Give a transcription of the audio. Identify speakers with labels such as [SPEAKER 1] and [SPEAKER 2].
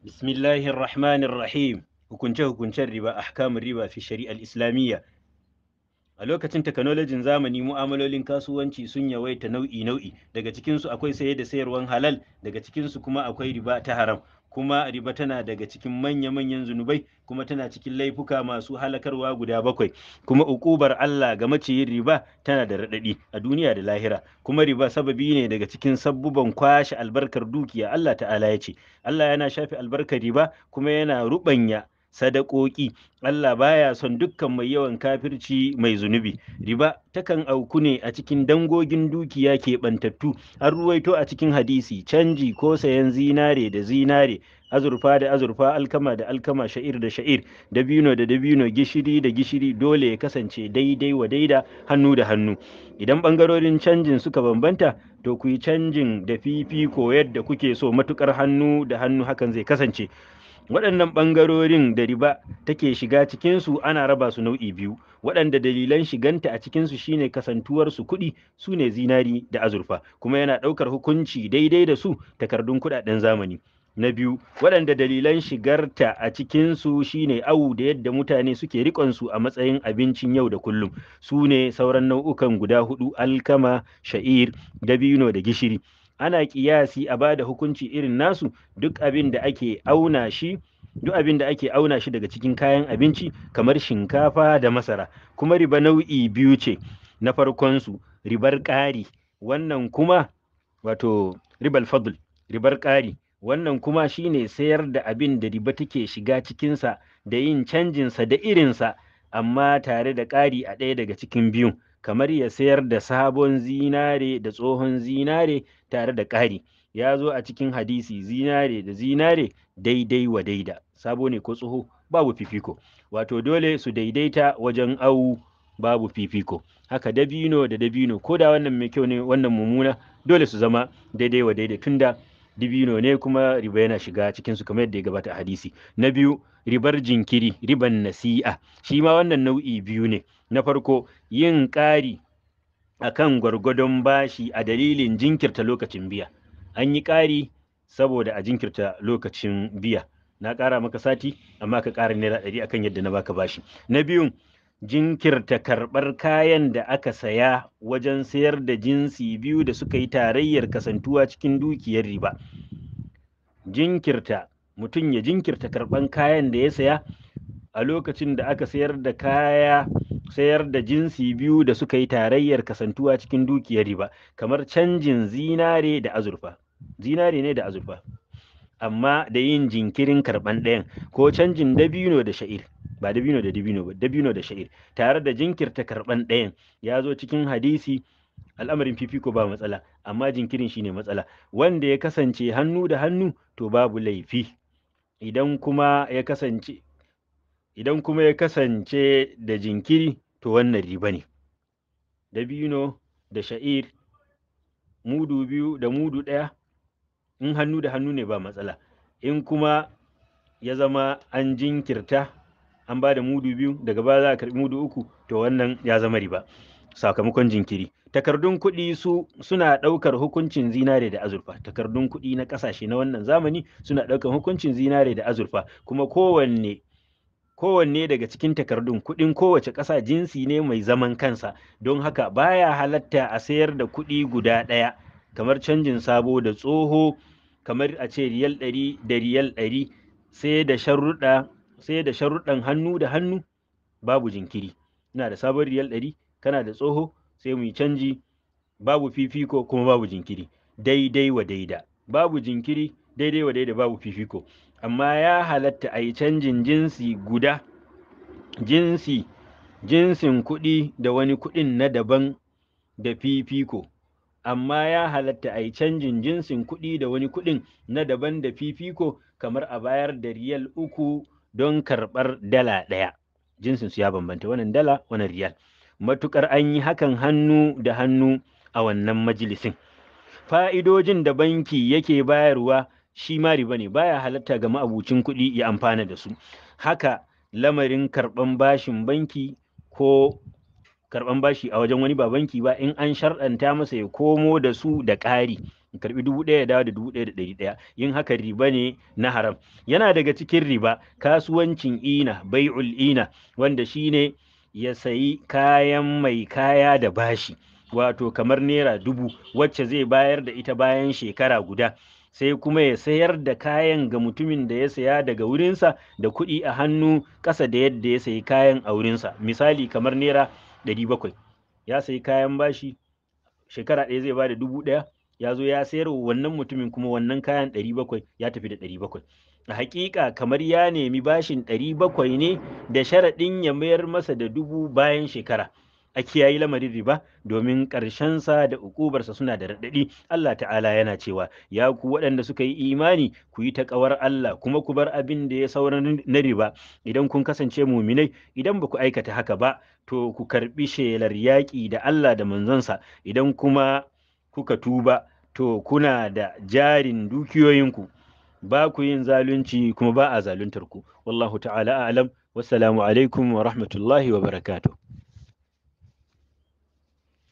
[SPEAKER 1] Bismillahir Rahmanir Rahim hukunce-hukuncen riba ahkamun riba fi shari'ar islamiyya a lokacin takanolajin zamani mu'amalolin kasuwanci sun yawaita nau'i-nau'i daga cikinsu akwai saye da sayarwan halal daga cikinsu kuma akwai riba ta haram kuma riba tana daga cikin manya-manyan zunubai kuma tana cikin laifuka masu halakarwa guda bakwai kuma ukubar Allah ga maciyin riba tana da raɗaɗi a duniya da lahira kuma riba sababi ne daga cikin sabbuban kwashe albarkar dukiya Allah ta'ala ya ce Allah yana shafi albarkar riba kuma yana ruɓanya sadakoki Allah baya son dukkan mai yawan kafirci mai zunubi riba takan auku ne a cikin dangogin dukiya ke ɓantattu. an ruwaito a cikin hadisi canji ko sayan zinare da zinare azurfa da azurfa alkama da alkama sha'ir da sha'ir dabino da dabino gishiri da gishiri dole ya kasance daidai wa daida hannu da hannu idan bangarorin canjin suka bambanta to ku yi canjin da fifiko yadda kuke so matukar hannu da hannu hakan zai kasance waɗannan ɓangarorin da riba take shiga cikinsu ana raba su nau'i biyu waɗanda dalilan shiganta a cikinsu shine kasantuwarsu kuɗi su ne zinari da azurfa kuma yana ɗaukar hukunci daidai da su takardun kuɗaɗen zamani na biyu waɗanda dalilan shigarta a cikinsu shine awu da yadda mutane suke riƙonsu a matsayin abincin yau da kullum su ne sauran nau'ukan guda hudu alkama sha'ir dabino da gishiri ana kiyasi a bada hukunci irin nasu duk abin da ake auna shi duk abin da ake auna shi daga cikin kayan abinci kamar shinkafa da masara kuma riba nau'i biyu ce na farkon su ribar ƙari wannan kuma wato ribal fadl ribar ƙari wannan kuma shine sayar da abin da riba take shiga cikinsa da yin canjinsa da irinsa amma tare da ƙari a ɗaya daga cikin biyun kamar ya sayar da sabon zinare da tsohon zinare tare da ƙari ya zo a cikin hadisi zinare da zinare daidai wa daida sabo ne ko tsoho babu fifiko wato dole su daidaita wajen awu babu fifiko haka dabino da dabino ko da wannan mai kyau ne wannan mummuna dole su zama daidai wa daidai tunda dabino ne kuma riba yana shiga cikin su kamar yadda ya gabata a hadisi na biyu ribar jinkiri riban nasi'a shi ma wannan nau'i biyu ne na farko yin ƙari akan gwargwadon bashi a dalilin jinkirta lokacin biya an yi ƙari saboda a jinkirta lokacin biya na ƙara maka sati amma ka ƙara naira ɗari akan yadda na baka bashi na biyun jinkirta karɓar kayan da aka saya wajen sayar da jinsi biyu da suka yi tarayyar kasantuwa cikin dukiyar riba jinkirta mutum ya jinkirta karɓan kayan da ya saya a lokacin da aka sayar da kaya sayar da jinsi biyu da suka yi tarayyar kasantuwa cikin dukiyar riba kamar canjin zinare da azurfa zinare ne da azurfa amma da yin jinkirin karban ɗayan ko canjin dabino da sha'ir ba dabino da dabino ba dabino da sha'ir tare da jinkirta karban ɗayan ya zo cikin hadisi al'amarin fifiko ba matsala amma jinkirin shine matsala wanda ya kasance hannu da hannu to babu laifi idan kuma ya kasance idan kuma ya kasance da jinkiri to wannan riba ne dabino da sha'ir mudu biyu da mudu ɗaya in hannu da hannu ne ba matsala in kuma ya zama an jinkirta an ba da mudu biyu daga ba za a karɓi mudu uku to wannan ya zama riba sakamakon jinkiri takardun kuɗi su suna ɗaukar hukuncin zinare da azurfa takardun kuɗi na ƙasashe na wannan zamani suna ɗaukar hukuncin zinare da azurfa kuma kowanne kowanne daga cikin takardun kuɗin kowace ƙasa jinsi ne mai zaman kansa don haka baya halatta a sayar da kuɗi guda ɗaya kamar canjin sabo da tsoho kamar a ce riyal ɗari da riyal ɗari sai da sharuɗan hannu da hannu babu jinkiri ina da sabon riyal ɗari kana da tsoho sai mu yi canji babu fifiko kuma babu jinkiri daidai wa daida babu jinkiri daidai wa daidai babu fifiko amma ya halatta a yi canjin jinsi guda jinsi jinsin kuɗi da wani kuɗin na daban da fifiko amma ya halatta a yi canjin jinsin kuɗi da wani kuɗin na daban da fifiko kamar a bayar da riyal uku don karɓar dala ɗaya jinsin su ya bambanta wannan dala wannan riyal matukar an yi hakan hannu da hannu a wannan majalisin fa'idojin da banki yake bayarwa shi ma riba ne baya halatta ga ma'abucin kuɗi ya amfana da su haka lamarin karɓan bashin banki ko karɓan bashi a wajen wani ba banki ba in an sharɗanta masa ya komo da su da ƙari karɓi dubu ɗaya da dubu ɗaya da ɗari ɗaya yin haka riba ne na haram yana daga cikin riba kasuwancin ina bai'ul ina wanda shine ya sayi kayan mai kaya da bashi wato kamar naira dubu wacce zai bayar da ita bayan shekara guda sai kuma ya sayar da kayan ga mutumin da ya saya daga wurinsa da kuɗi a hannu ƙasa da yadda ya sayi kayan a wurinsa misali kamar naira ɗari bakwai ya sayi kayan bashi shekara ɗaya zai ba da dubu ɗaya ya zo ya sayar wa wannan mutumin kuma wannan kayan ɗari bakwai ya tafi da ɗari bakwai a hakika kamar ya nemi bashin ɗari bakwai ne da sharaɗin ya mayar masa da dubu bayan shekara a kiyayi lamarin riba domin sa da ukubarsa suna da raɗaɗi Allah ta'ala yana cewa ya ku waɗanda suka yi imani ku yi ta ƙawar Allah kuma ku bar abin da ya saura na riba idan kun kasance muminai idan ba ku aikata haka ba to ku karɓi shelar yaƙi da Allah da manzansa idan kuma kuka tuba to kuna da jarin dukiyoyinku ba ku yin zalunci kuma ba a zaluntar ku wallahu ta'ala a'lam wassalamu alaikum wa rahmatullahi wa barakatuh